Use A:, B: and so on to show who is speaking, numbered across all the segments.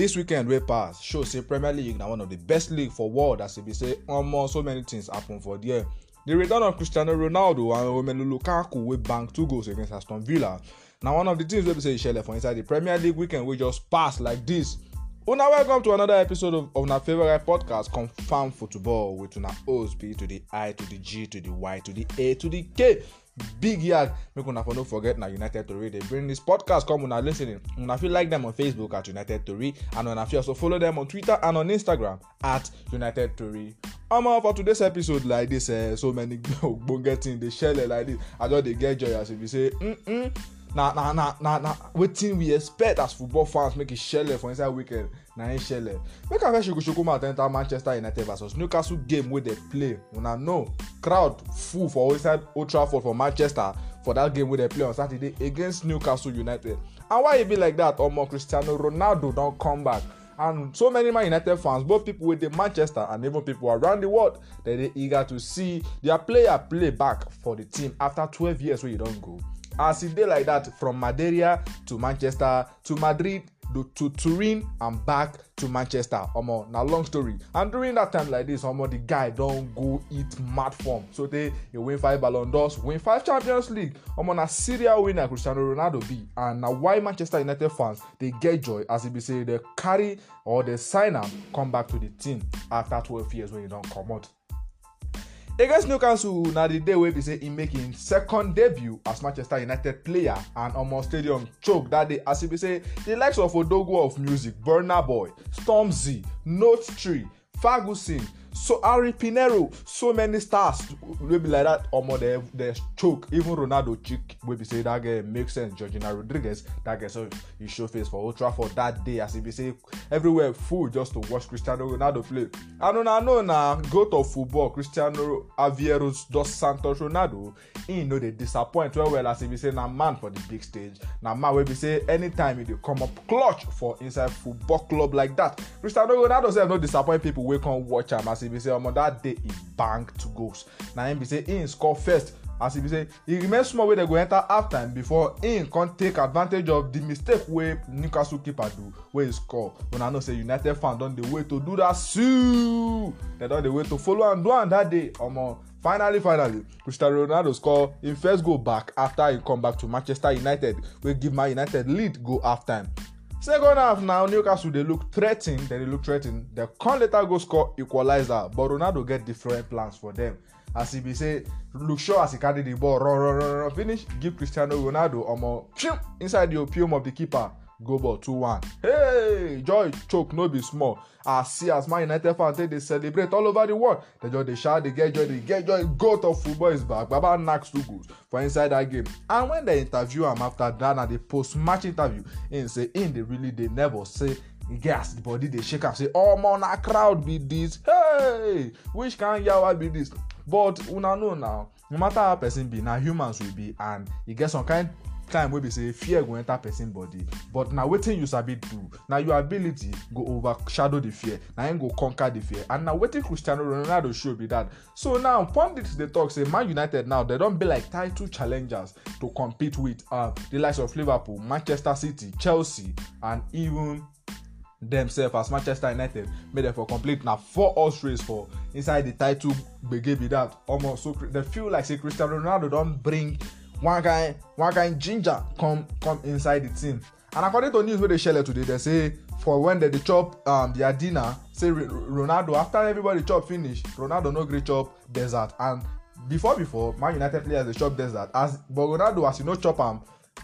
A: This weekend wey pass show say premier league na one of the best league for world as e be say omo so many things happen for there The return of cristiano ronaldo and romelu lukaku wey bank two goals against aston villa na one of the things wey be say e ṣẹlẹ̀ for inside the premier league weekend wey just pass like this. una oh, welcome to another episode of una favourite podcast confam football with una host b to the i to the g to the y to the a to the k big yard make una for no forget na united tori dey bring dis podcast come una lis ten ing una fit like dem on facebook at united tori and una fit also follow dem on twitter and on instagram at united tori omo for today's episode like this. eh so many ogbonge things dey shele like this. i just dey get joy as e be say mm -mm, na na na na na wetin we expect as football fans make e shele for inside weekend na im shele make i first shokosoko mouth enter manchester united vs newcastle game wey dey play una know crowd full for inside old trafford for manchester for dat game wey dey play on saturday against newcastle united and why e be like dat omo cristiano ronaldo don come back and so many man united fans both pipo wey dey manchester and even pipo around di world dey dey eager to see dia player play back for di team afta twelve years wey e don go as e dey like that from madeira to manchester to madrid to Turin and back to Manchester. Omo, um, na long story. And during that time like this, omo, um, the guy don go eat mad form. So they he win five Ballon d'Ors, win five Champions League. Omo, um, na serial winner Cristiano Ronaldo be. And na why Manchester United fans dey get joy as e be say they carry or they sign am come back to the team after twelve years when e don comot against newcastle na the day wey be say im make im second debut as manchester united player and omo stadium choke that day as e be say the likes of odogwu of music burna boy stormzy note Three, ferguson So Ari Pinero, so many stars will be like that. Or more they they choke. Even Ronaldo chick will be say that game makes sense. Georgina Rodriguez, that guy so he show face for ultra for that day as if he say everywhere full just to watch Cristiano Ronaldo play. I don't know I na go to football Cristiano Aviero dos Santos Ronaldo, he know they disappoint well well as if he say na man for the big stage, Now, man wey be say anytime he dey come up clutch for inside football club like that. Cristiano Ronaldo sef no disappoint people wey come watch him as as e be say omo dat day e bank two goals na him be say him score first as e be say e remain small wey dem go enter half time before im come take advantage of the mistake wey newcastle keeper do wey he score una know say united fan don dey wait to do that. suu dem don dey wait to follow am do am that day omo finally finally cristiano ronaldo score im first goal back after e come back to manchester united wey give man united lead go half time Second half now, Newcastle they look threatened, then they look threatened. They can't later go score equalizer, but Ronaldo get different plans for them. As he be say, look sure as he carry the ball, run, run, run, run, finish, give Cristiano Ronaldo almost more inside the opium of the keeper go ball 2-1 hey joy choke no be small as see as man united fans take dey celebrate all over the world dem just dey shout dey get joy dey get joy goat of football is back baba knack two goals for inside that game and when dem interview am after that na the post match interview im say im dey really dey nervous say gas di body dey shake am say omo na crowd be this hey which kind yawa be this but una know now no matter how person be na humans we be and e get some kind Time wey be say fear go enter person body but na wetin you sabi do na your ability go overshadow the fear na him go conquer the fear and na wetin cristiano ronaldo show be that so now pundits dey talk say man united now dem don be like title challengers to compete with uh, the likes of liverpool manchester city chelsea and even themselves as manchester united make dem for complete na four horse race for inside the title gbege be that almost so dem feel like say cristiano ronaldo don bring one kind one kind ginger come come inside the team and according to news wey dey share today dem say for when dem dey chop um, their dinner say ronaldo after everybody chop finish ronaldo no gree chop dessert and before before man united players dey chop dessert as but ronaldo as you no chop am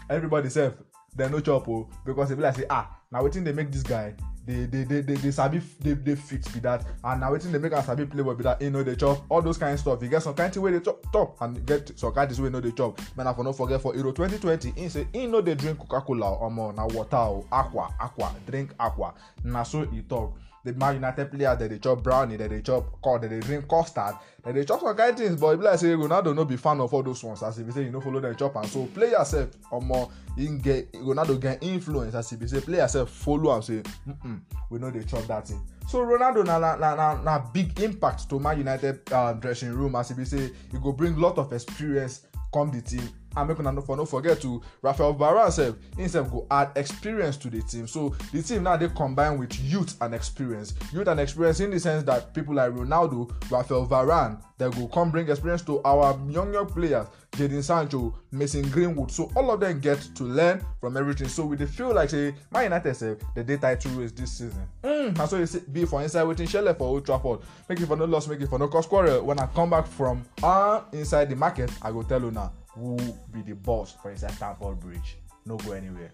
A: everybody sef dem no chop o because e be like say ah na wetin dey make dis guy They, they, they, they, they, sabi they dey fix be that and na wetin dey make am sabi play well be that im e no dey chop all those kind stuff e get some kind thing wey dey chop chop and get some kind things wey no dey chop make I for no forget for euro 2020 im e say im e no dey drink coca cola omo na water o aqua aqua drink aqua na so e talk the Man United players dem dey chop brownie dem dey chop corn dem dey drink custard dem dey chop some kind things but e be like say ronaldo no be fan of all those ones as e be say you no follow dem chop am so player sef omo im get ronaldo get influence as e be say player sef follow am say mm-mm, we no dey chop that thing so ronaldo na na na na, big impact to Man United um, dressing room as e be say e go bring lot of experience come the team and make una for no forget to rafael varane sef im go add experience to the team so the team now dey combine with youth and experience youth and experience in the sense that people like ronaldo rafael varane dem go come bring experience to our young young players jadon sancho mason greenwood so all of dem get to learn from everything so we dey feel like say man united sef dey dey title race dis season mm, na so e be for inside wetin shele for old trafford make e for no loss make e for no cause quarrel when i come back from uh, inside the market i go tell una who be the boss, for instance, Stamford Bridge. No go anywhere.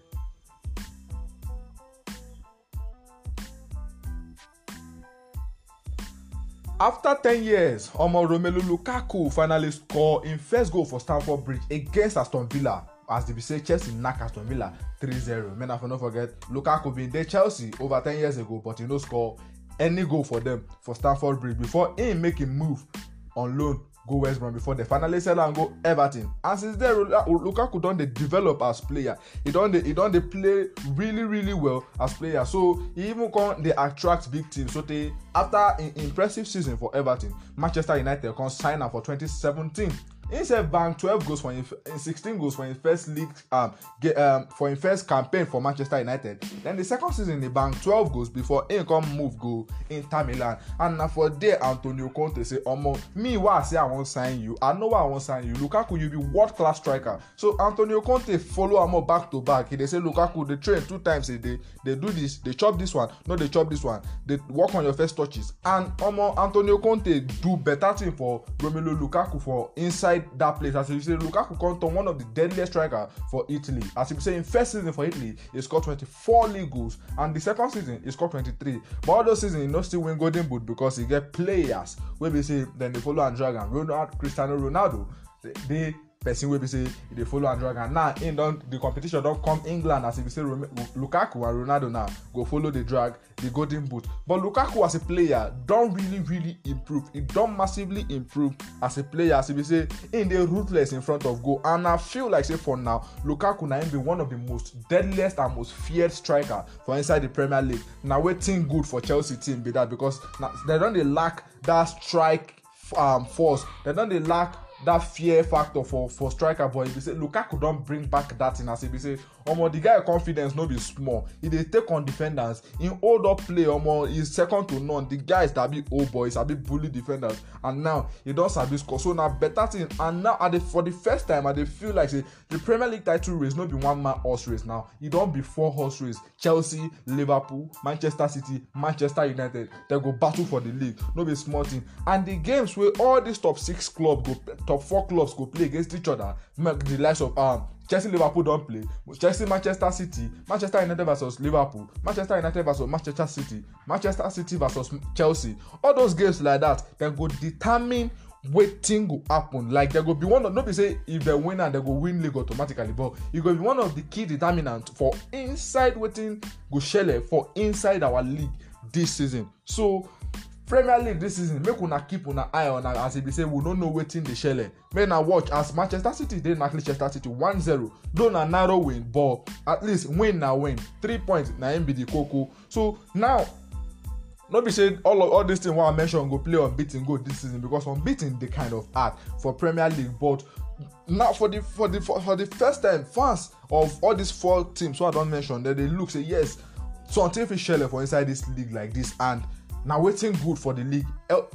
A: After 10 years, Omo Romelu Lukaku finally scored in first goal for Stamford Bridge against Aston Villa as they be say Chelsea knack Aston Villa 3-0. Men, I for no forget Lukaku been there Chelsea over 10 years ago but he no score any goal for them for Stamford Bridge before he make a move on loan go west brom before they finally sell and go everton and since then lukaku done dey develop as player he done dey e don dey play really really well as player so he even come they attract big teams so they after an impressive season for everton manchester united come sign am for 2017 instead van twelve goals for him eh, sixteen goals for him first league um, get, um, for him first campaign for manchester united then the second season he bang twelve goals before him come move go inter milan and na for there antonio conte say omo me wey i say i wan sign you i know why i wan sign you lukaku you be world class striker so antonio conte follow am up back to back he dey say lukaku dey train two times a day dey do this dey chop this one no dey chop this one dey work on your first touches and omo antonio conte do better thing for romelu lukaku for inside inside that place. As you say, Lukaku Conte, one of the deadliest strikers for Italy. As you say, in first season for Italy, he scored 24 league goals, and the second season he scored 23. But all those seasons, he not still win Golden Boot because he get players where they say then they follow and drag and Ronaldo, Cristiano Ronaldo, they, they person wey be say e dey follow am drag now im don the competition don come england as e be say lukaku and ronaldo now go follow dey drag the golden boot but lukaku as a player don really really improve e don massively improve as a player as e be say im dey ruthless in front of goal and i feel like say for now lukaku na im be one of the most deadliest and most feared striker for inside the premier league na wetin good for chelsea team be that because na dem don dey lack that strike um, force dem don dey lack that fear factor for for striker but e be say lukaku don bring back that thing as e be say omo the guy confidence no be small He dey take on defenders im hold up play omo he second to none the guy sabi old boy sabi bully defenders and now e don sabi score so na better thing and now i dey for the first time i dey feel like say the premier league title race no be one man horse race now e don be four horse race chelsea liverpool manchester city manchester united dem go battle for the league no be small thing and the games wey all these top six clubs go top four clubs go play against each other make the likes of um, chelsea liverpool don play chelsea manchester city manchester united versus liverpool manchester united versus manchester city manchester city versus chelsea all those games like that dem go determine wetin go happen like dem go be one of no be say if dem win am dem go win league automatically but e go be one of the key determinants for inside wetin go shele for inside our league this season so premier league this season make una keep una eye on am as e be say we no know wetin dey shele make na watch as manchester city dey knack leicester city 1-0 though na narrow win but at least win na win three points na im be di koko so now no be say all of all these things wey i mention go play unbeaten goal this season because unbeaten dey kind of hard for premier league but now for the for the for, for the first time fans of all these four teams wey i don mention dem dey look say yes something fit shele for inside this league like this and na wetin good for the league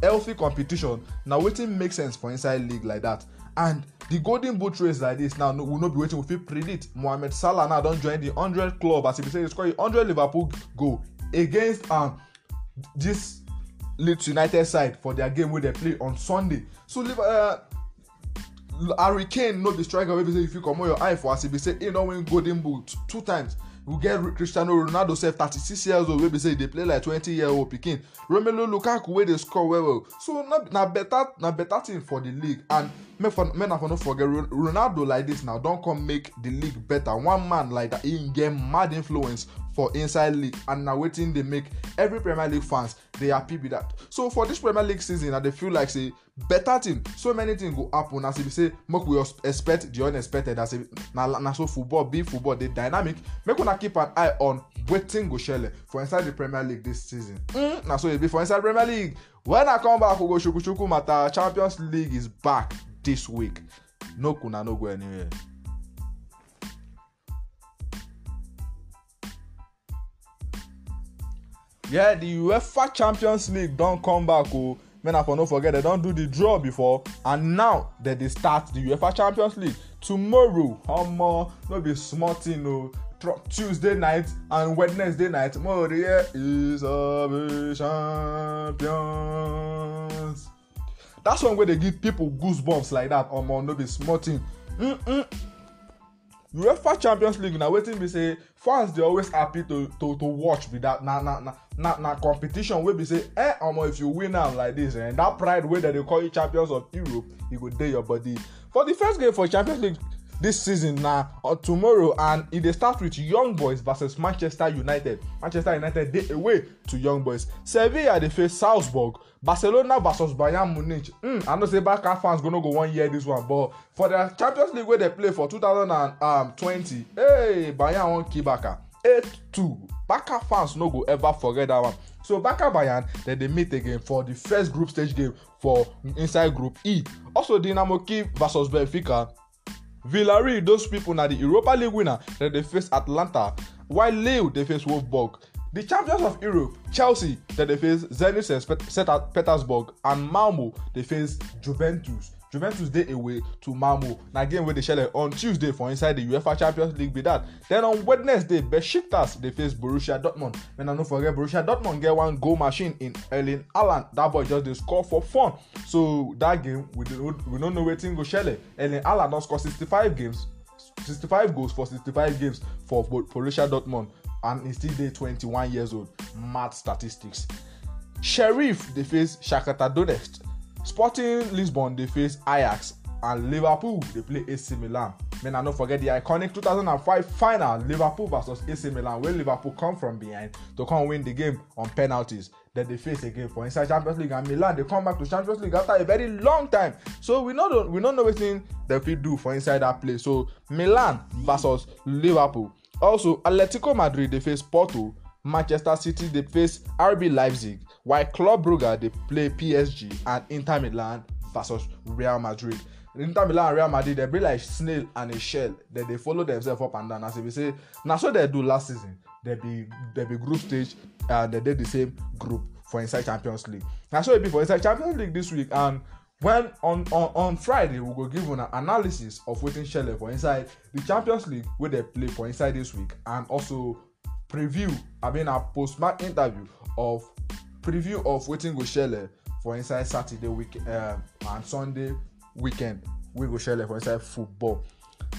A: healthy competition na wetin make sense for inside league like that and the golden boot race like this now no, will not be wetin we fit predict mohamed salah now don join the hundred club as he be say he score a hundred liverpool goal against um, this leeds united side for their game wey dem play on sunday so uh, harry kane no be striker wey be say you fit comot your eye for as he be say he don win golden boot two times we get cristiano ronaldo sef thirty-six years old wey be say e dey play like twenty year old pikin romelu lukaku wey dey score well well so na na better na better thing for the league and make for make na no forget ronaldo like this now don come make the league better one man like that im get mad influence for inside league and na wetin dey make every premier league fans dey happy be that so for this premier league season i dey feel like say better thing so many things go happen as e be say make we expect the unexpected as e na na so football be football dey dynamic make una keep an eye on wetin go shele for inside the premier league this season mm, na so e be for inside premier league when i come back we go chukuchuku matter champions league is back this week no kuna no go anywhere. yeah the uefa champions league don come back o oh. make una for no forget dem don do the draw before and now dem dey start the uefa champions league tomorrow omo no be small thing o oh. tuesday night and wednesday night morie is a champions That's one wey dey give people goosebumps like that omo no be small thing mm -mm uefa champions league na wetin be say fans dey always happy to to to watch be that na na na na, na competition wey be say eh omo if you win am like this eh that pride wey dem dey call you champions of europe e go dey your body for the first game for champions league This season na uh, tomorrow and e dey start wit young boys versus manchester united manchester united dey away to young boys sevilla dey face salzburg barcelona versus bayern munich mm, i know say barca fans go no go wan hear this one but for dia champions league wey dey play for 2020 um, hey bayern wan kill barca 8-2 barca fans no go ever forget that one so barca bayern dem dey meet again for di first group stage game for inside group e also dinamo kiev versus benfica villarreal those people na the europa league winner dem they face atlanta while lille they face wolfsburg the champions of europe chelsea dem they face zenit st petersburg and malmo they face juventus juventus dey away to malmo na game wey dey shele on tuesday for inside di uefa champions league be dat den on wednesday besiktas dey face borussia dortmund make i no forget borussia dortmund get one goal machine in erling haaland dat boy just dey score for fun so dat game we, do we no know wetin go shele erling haaland don score 65 games 65 goals for 65 games for borussia dortmund and e still dey 21 years old mad statistics sheriff dey face shakhtar donetsk Sporting Lisbon dey face Ajax and Liverpool dey play AC Milan. May una no forget the iconic 2005 final Liverpool vs AC Milan wey Liverpool come from behind to come win the game on penalties. Dem dey face again for inside Champions League and Milan dey come back to Champions League after a very long time. So we no we no know wetin dem fit do for inside dat place. So Milan vs Liverpool. Also Atletico Madrid dey face Porto, Manchester City dey face RB Leipzig, while Club Brugge dey play PSG and Inter Milan versus Real Madrid. Inter Milan and Real Madrid dey be like snail and a shell. Dem dey follow themselves up and down as if be say na so dem do last season. Dem be dem be group stage and dem dey the same group for inside Champions League. Na so e be for inside Champions League this week and when on on on friday we go give una analysis of wetin shele for inside the champions league wey dey play for inside this week and also preview i mean a post match interview of preview of wetin go shele for inside saturday week um, and sunday weekend wey go shele for inside football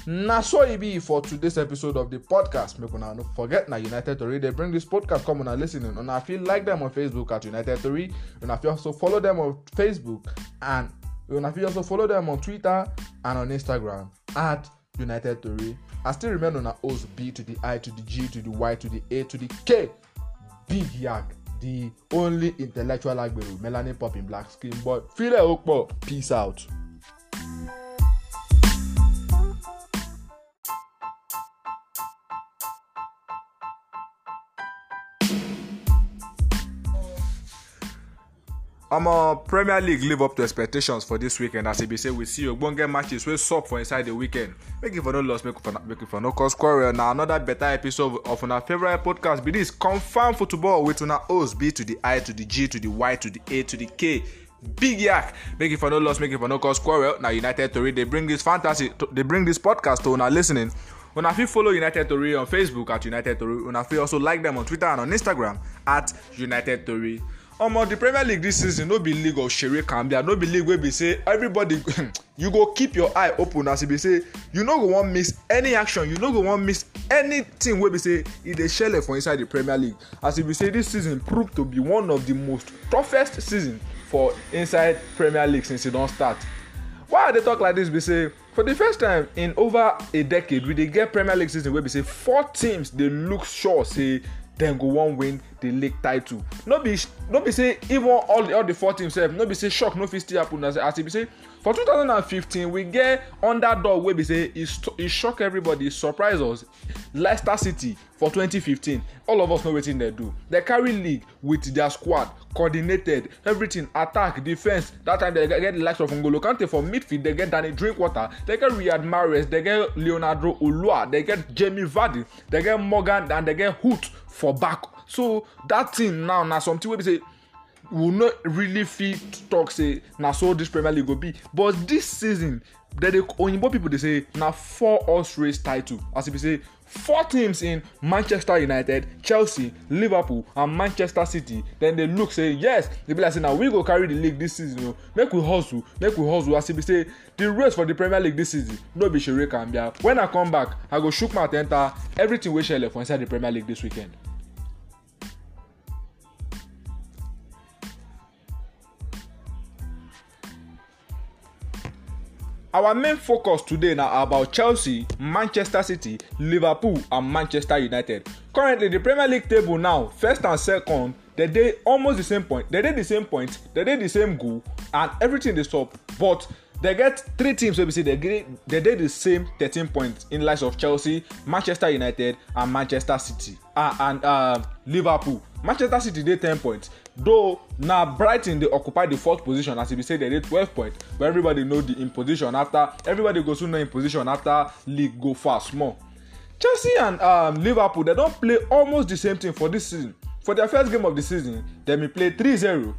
A: na so e be for today's episode of the podcast make una no forget na united tori dey bring this podcast come una lis ten ing una fit like them on facebook at united tori una fit also follow them on facebook and una fit also follow them on twitter and on instagram at united tori i still remain una host b to the i to the g to the y to the a to the k big yak the only intellectual agbèrò melanin pop in black skin boy fílẹ̀ ó pọ̀ peace out. omo premier league live up to expectations for dis weekend as e be say we see ogbonge matches wey sup for inside di weekend make e for no loss make e for no cause quarrel na anoda beta episode of una favourite podcast be dis confam football with una host b to di i to di g to di y to di a to di k big yak make e for no loss make e for no cause quarrel na united tori dey bring dis fantasy dey bring dis podcast to una listening una fit follow united tori on facebook at united tori una fit also like dem on twitter and on instagram at united tori omo the premier league this season no be league of shere cambia no be league wey be say everybody you go keep your eye open as e be say you no go wan miss any action you no go wan miss anything wey be say e dey shele for inside the premier league as e be say this season prove to be one of the most toughest season for inside premier league since e don start why i dey talk like this? be say for the first time in over a decade we dey get premier league season wey be say four teams dey look sure say dem go wan win di league title no be no be say even all the all the four teams sef no be say shock no fit still happen as e be say for 2015 we get underdog wey be say e st- e shock everybody e surprise us leicester city for 2015 all of us know wetin dem do dem carry league with their squad coordinated everything attack defence that time dem get the likes of ngolo kante for midfield dem get danny drinkwater dem get riyad mahrez dem get leonardo olua dem get jamie vardy dem get morgan and dem get hoot for back so that thing now na something wey be say will not really fit talk say na so this premier league go be but this season dem dey oyinbo pipo dey say na four horse race title as e be say four teams in manchester united chelsea liverpool and manchester city dem dey look say yes e be like say na we go carry the league this season o oh. make we hustle make we hustle as e be say the race for the premier league this season no be shere kambia When i come back i go shook mouth enter ah. everything wey shele for inside the premier league this weekend. Our main focus today now about Chelsea, Manchester City, Liverpool and Manchester United. Currently the Premier League table now first and second they dey almost the same point they dey the same point they dey the same goal and everything dey stop but they get three teams wey be say they dey the same thirteen points in likes of chelsea manchester united and manchester city uh, and uh, liverpool manchester city dey ten points though na brighton dey occupy di fourth position as e be say dem dey twelve points but everybody know di im position afta everybody go soon know im position afta league go far small chelsea and um, liverpool dem don play almost di same thing for dis season for dia first game of di season dem bin play 3-0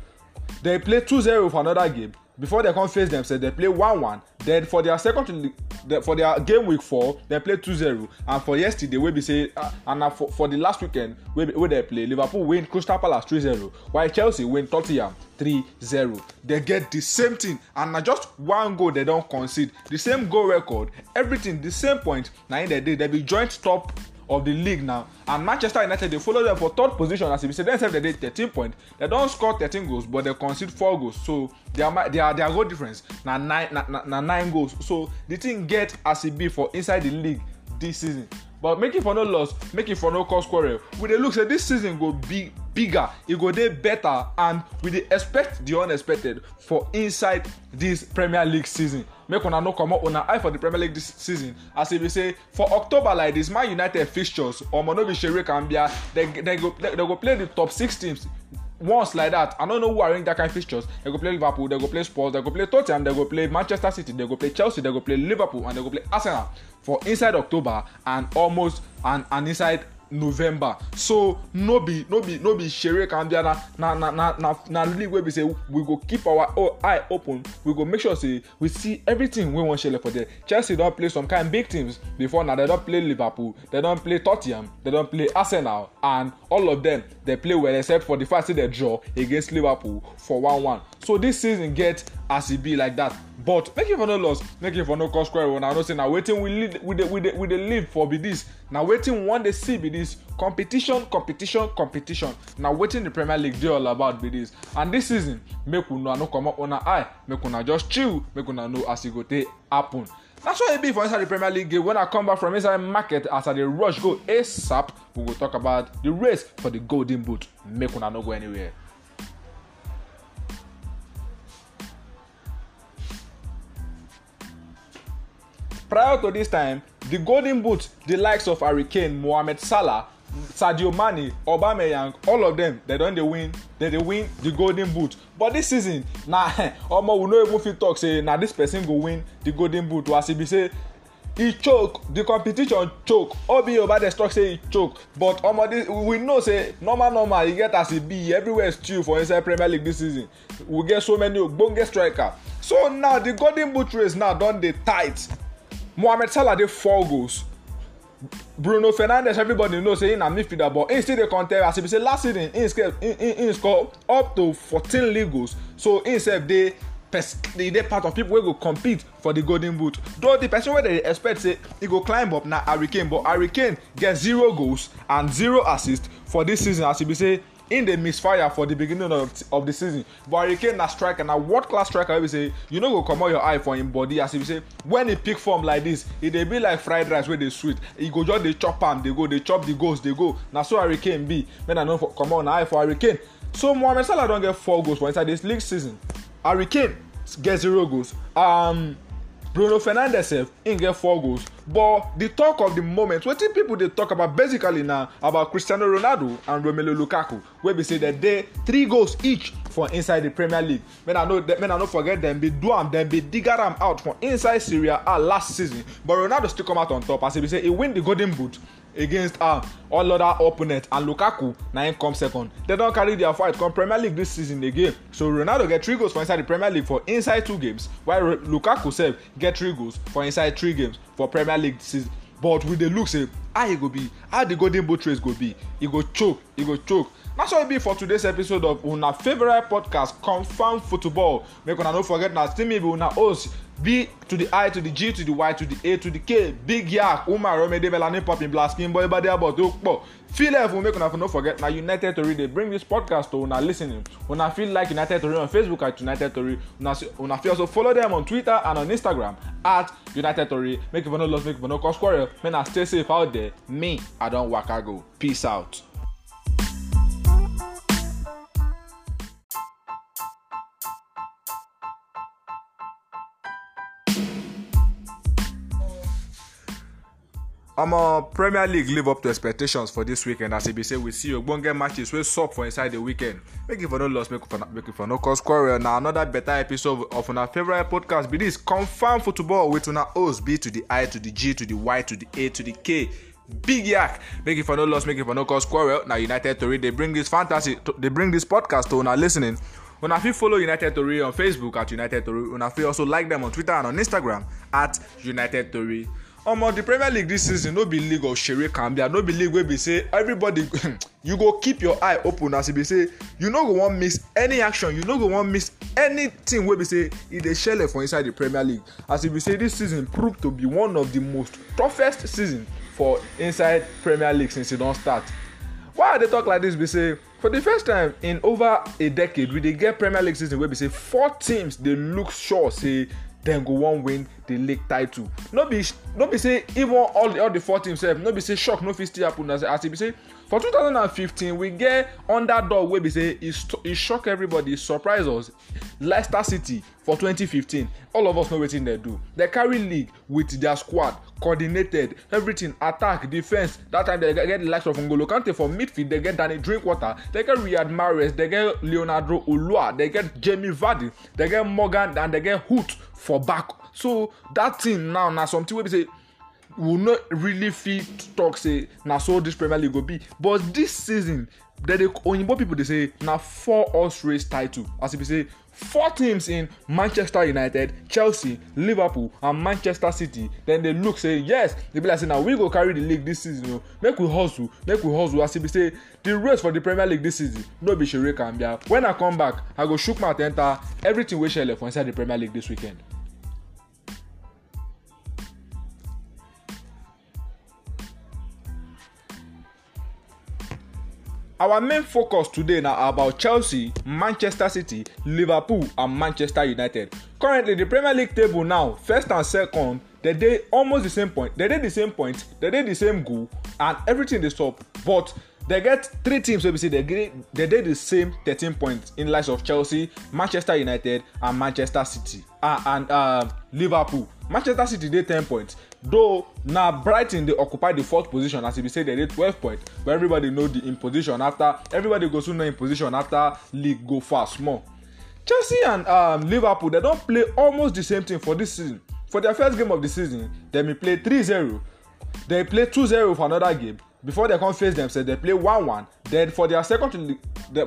A: dem play 2-0 for anoda game before they come face themselves they play one one then for their second the, for their game week four they play two zero and for yesterday wey be say uh, and na for, for the last weekend wey wey they play liverpool win crystal palace three zero while chelsea win tottenham three zero They get the same thing and na just one goal they don concede the same goal record everything the same point na im dem dey they be joint top of the league now and manchester united dey follow dem for third position as e be say dem sef dey dey thirteen points dem don score thirteen goals but dem concede four goals so their their their goal difference na nine na, na na nine goals so the thing get as e be for inside the league this season but make e for no loss make e for no cause quarrel we dey look say this season go be bigger e go dey better and we dey expect di unexpected for inside dis premier league season make una no comot una eye for di premier league dis season as e be say for october like dis man united fixtures omo no be shere cambia dem go play di top six teams once like that. i no know who arrange dat kain fixtures dem go play liverpool dem go play spurs dem go play tottenham dem go play manchester city dem go play chelsea dem go play liverpool and dem go play arsenal for inside october and almost and and inside november so no be no be no be shere kambia na na na na na na league wey be say we go keep our eye open we go make sure say we see everything wey wan shele for there chelsea don play some kind big teams before na They don play liverpool They don play tottenham They don play arsenal and all of them dey play well except for the fact say dem draw against liverpool for one one so this season get as e be like that, but make e for no loss make e for no cause quarrel una know say na wetin we we dey live for be this. na wetin we wan dey see be this competition competition competition na wetin the premier league dey all about be this. and this season make una no comot una eye make una just chill make una know as e go take happen. na so e be for inside the premier league game When i come back from inside market as i dey rush go asap we go talk about the race for the golden boot make una no go anywhere. Prior to this time, the Golden Boot, the likes of Harry Kane, Mohamed Salah, Sadio Mane, Aubameyang, all of them, they don dey win, they dey win the Golden Boot. But this season, na omo we no even fit talk say na this person go win the Golden Boot as e be say e choke the competition choke obi obades talk say e choke but omo this we know say normal normal e get as e be everywhere stew for inside premier league this season we get so many ogbonge striker so now the golden boot race now don dey tight mohamed salah dey four goals bruno fernandes everybody know say him na midfielder but him still dey contest as he be say last season he score up to fourteen league goals so him sef dey e dey part of people wey go compete for the golden boot though the person wey dey expect say he go climb up na harry kane but harry kane get zero goals and zero assists for this season as he be say In the misfire for the beginning of of the season but harry kane na striker na world class striker wey be say you no go comot your eye for im body as e be say when e pick form like this, e dey be like fried rice wey dey sweet e go just dey chop am dey go dey chop the goals dey go na so harry kane be make i no comot una eye for harry kane so mohamed salah don get four goals for inside this league season harry kane get zero goals. Um, bruno fernandes sef im get four goals but di talk of di moment wetin pipo dey talk about basically na about cristiano ronaldo and romelu lukaku wey be say dem dey three goals each for inside di premier league make i no make i no forget dem bin do am dem bin digger am out for inside Syria a last season but ronaldo still come out on top as e be say e win di golden boot against um, all other opponents and lukaku na him come second They don carry their fight come premier league this season again so ronaldo get three goals for inside the premier league for inside two games while lukaku sef get three goals for inside three games for premier league season but we dey look say how e go be how the golden boot race go be e go choke e go choke na so e be for today's episode of una favourite podcast confam football make una no forget na still me be una host B to the I to the G to the Y to the A to the K Big Yak Umar Romede Melanie Poppin Blaskin Boy Badiabo tó pọ̀ fílẹ̀ fún make una for no forget na United Tori they bring this podcast to una lis ten ing una feel like United Tori on Facebook at United Tori una, una fit also follow them on Twitter and on Instagram at United Tori make you for no loss make you for no cause quarrel make una stay safe out there me I don't don I go peace out. omo premier league live up to expectations for dis weekend as e be say we see ogbonge matches wey sup for inside di weekend make e for no loss make e for no cause quarrel na anoda beta episode of una favourite podcast be dis confam football with una host b to di i to di g to di y to di a to di k big yak make e for no loss make e for no cause quarrel na united tori dey bring dis fantasy dey bring dis podcast to una listening una fit follow united tori on facebook at united tori una fit also like dem on twitter and on instagram at united tori omo the premier league this season no be league of shere cambia no be league wey be say everybody you go keep your eye open as e be say you no go wan miss any action you no go wan miss anything wey be say e dey shele for inside the premier league as e be say this season prove to be one of the most toughest season for inside premier league since e don start why i dey talk like this? be say for the first time in over a decade we dey get premier league season wey be say four teams dey look sure say dem go wan win di league title no be no be say even all the all the four teams sef no be say shock no fit still happen as e be say for 2015 we get underdog wey be say e, e shock everybody surprise us leicester city for 2015 all of us know wetin dem do dem carry league with dia squad coordinated everything attack defence dat time dem get di likes of ngolo kante for midfield dem get danny drinkwater dem get riyad mahrez dem get leonardo olua dem get jamie vardy dem get morgan and dem get hoot for back so dat team now na something wey be say we will not really fit talk say na so this premier league go be but this season dem dey oyinbo people dey say na four horse race title as e be say four teams in manchester united chelsea liverpool and manchester city dem dey look say yes e be like say na we go carry the league this season o oh. make we hustle make we hustle as e be say the race for the premier league this season no be shere kambia When i come back i go shook mouth enter ah. everything wey shele for inside the premier league this weekend. Our main focus today now about Chelsea, Manchester City, Liverpool, and Manchester United. Currently, the Premier League table now, first and second, they dey almost the same point, they dey the same point, they dey the same goal, and everything dey stop. But they get three teams wey be say they get they dey the same thirteen points in likes of chelsea manchester united and manchester city uh, and uh, liverpool manchester city dey ten points though na brighton dey occupy di fourth position as e be say dem dey twelve points but everybody know di im position after everybody go soon know im position after league go far small chelsea and um, liverpool dem don play almost di same thing for dis season for dia first game of di season dem bin play 3-0 dem play 2-0 for anoda game before they come face themselves they play 1-1 then for their second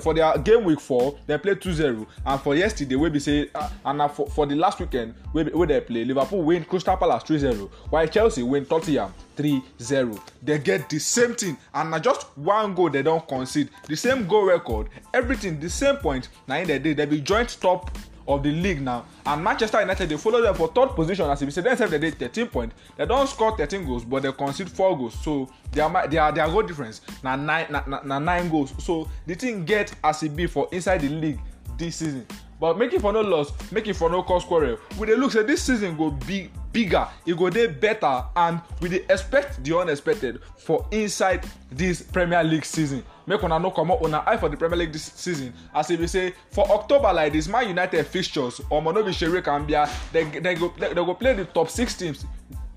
A: for their game week 4 they play 2-0 and for yesterday wey be say uh, and na for, for the last weekend where wey they play liverpool win crystal palace 3-0 while chelsea win tottenham 3-0 they get the same thing and na just one goal they don't concede the same goal record everything the same point Now in the day they be joint top of the league now and manchester united dey follow dem for third position as e be say dem sef dey dey thirteen points dem don score thirteen goals but dem concede four goals so their their their goal difference na nine na, na, nine goals so the thing get as e be for inside the league this season but make e for no loss make e for no cause quarrel we dey look say this season go be bigger e go dey better and we dey expect the unexpected for inside this premier league season make una no comot una eye for di premier league dis season as e be say for october like dis man united fixtures omo no be shere kambia dem go dem go play di top six teams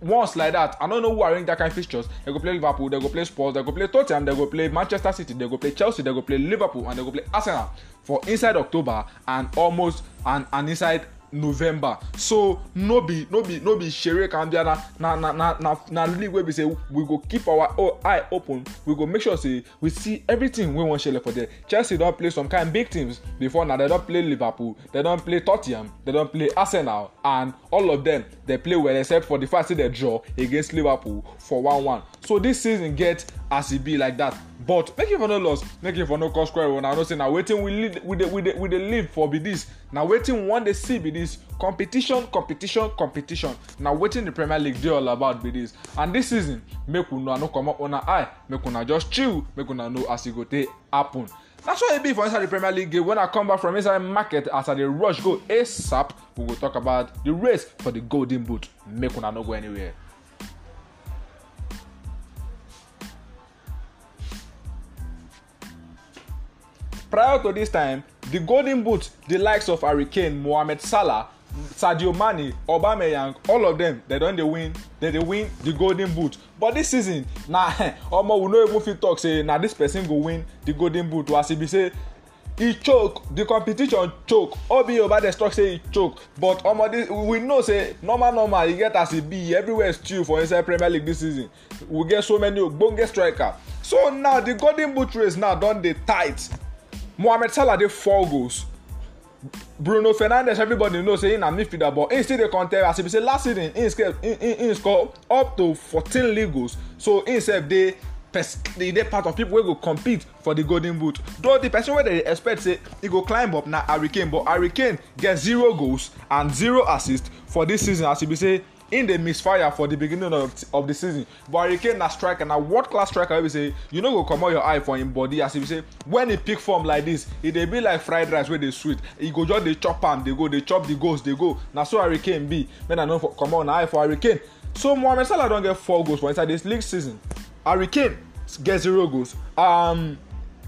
A: once like that i no know who arrange that kind of fixtures dem go play liverpool dem go play spurs dem go play tottenham dem go play manchester city dem go play chelsea dem go play liverpool and dem go play arsenal for inside october and almost and and inside november so no be no be no be shere cambia na na na na na league wey be say we go keep our eye open we go make sure say we see everything wey wan shele for there chelsea don play some kind big teams before na dem don play liverpool dem don play tottenham dem don play arsenal and all of dem they play well except for the fact say they draw against liverpool for 1-1 so this season get as e be like that but make you for no loss make you for no cause quarrel una know say na wetin we lead we dey we dey we dey live for be this na wetin we wan dey see be this competition competition competition na wetin the premier league dey all about be this and this season make una no comot una eye make una just chill make una know as e go take happen that's what it be for inside the premier league game When i come back from inside the market as i rush go asap we go talk about the race for the golden boot make una no go anywhere. prior to this time the golden boot the likes of hurricane mohamed salah sadio mane obameyang all of dem dem don dey win dem dey win di golden boot but dis season na omo we no even fit talk say na dis person go win di golden boot as e be say e choke di competition choke obi obades talk say e choke but omo we know say normal normal e get as e be everywhere stew for inside premier league this season we get so many ogbonge striker so now di golden boot race now don dey tight mohamed salah dey four goals bruno fernandes everybody know say na midfielder but im still dey contest as e be say last season im score up to fourteen league goals so im sef dey e dey part of people wey go compete for the golden boot though the person wey dem dey expect say he go climb up na harry kane but harry kane get zero goals and zero assists for this season as e be say In the misfire for the beginning of, of the season but harry kane na striker a world class striker wey say you know, go comot your eye for him. body as e be say when he pick form like this, e dey be like fried rice where they sweet He go just they chop am they go they chop the goals they go Now so harry kane be make i know no comot una eye for harry kane so mohamed salah don't get four goals for inside this league season harry kane get zero goals um,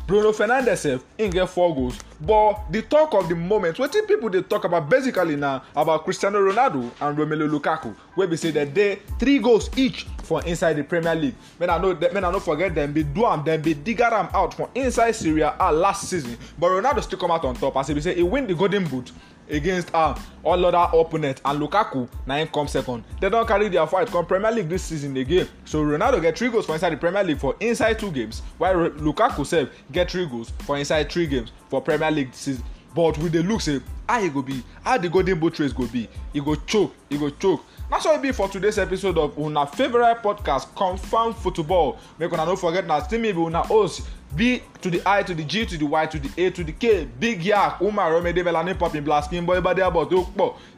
A: bruno fernandes sef eh, im get four goals but di talk of di moment wetin pipo dey talk about basically na about cristiano ronaldo and romelu lukaku wey be say dem dey three goals each for inside the premier league men i no men i no forget dem bin do am dem bin dig am out for inside Syria. Ah, last season but ronaldo still come out on top as e be say e win di golden boot against am um, all other opponents and lukaku na im come second dem don carry dia fight come premier league dis season again so ronaldo get three goals for inside di premier league for inside two games while lukaku sef get three goals for inside three games for premier league season but we dey look say how e go be how di golden boot race go be e go choke e go choke that's all e be for today's episode of una favourite podcast confam football make una no forget na still me be una host b to the i to the g to the y to the a to the k big yak umar omede melanie poppin blaskin boy ibade abo tó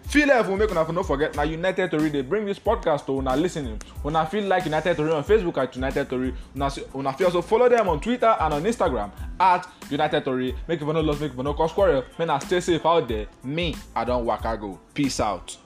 A: feel fílẹ̀ we make una for no forget na united tori dey bring this podcast to una listening una fit like united tori on facebook at united tori una, una fit also follow them on twitter and on instagram at united tori make you for no loss make you for no cause quarrel make una stay safe out there me i don waka go peace out.